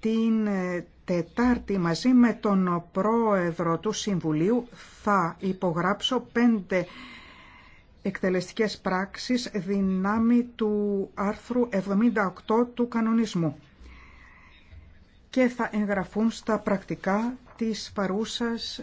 την ε, Τετάρτη μαζί με τον πρόεδρο του Συμβουλίου θα υπογράψω πέντε εκτελεστικές πράξεις δυνάμει του άρθρου 78 του κανονισμού και θα εγγραφούν στα πρακτικά της παρούσας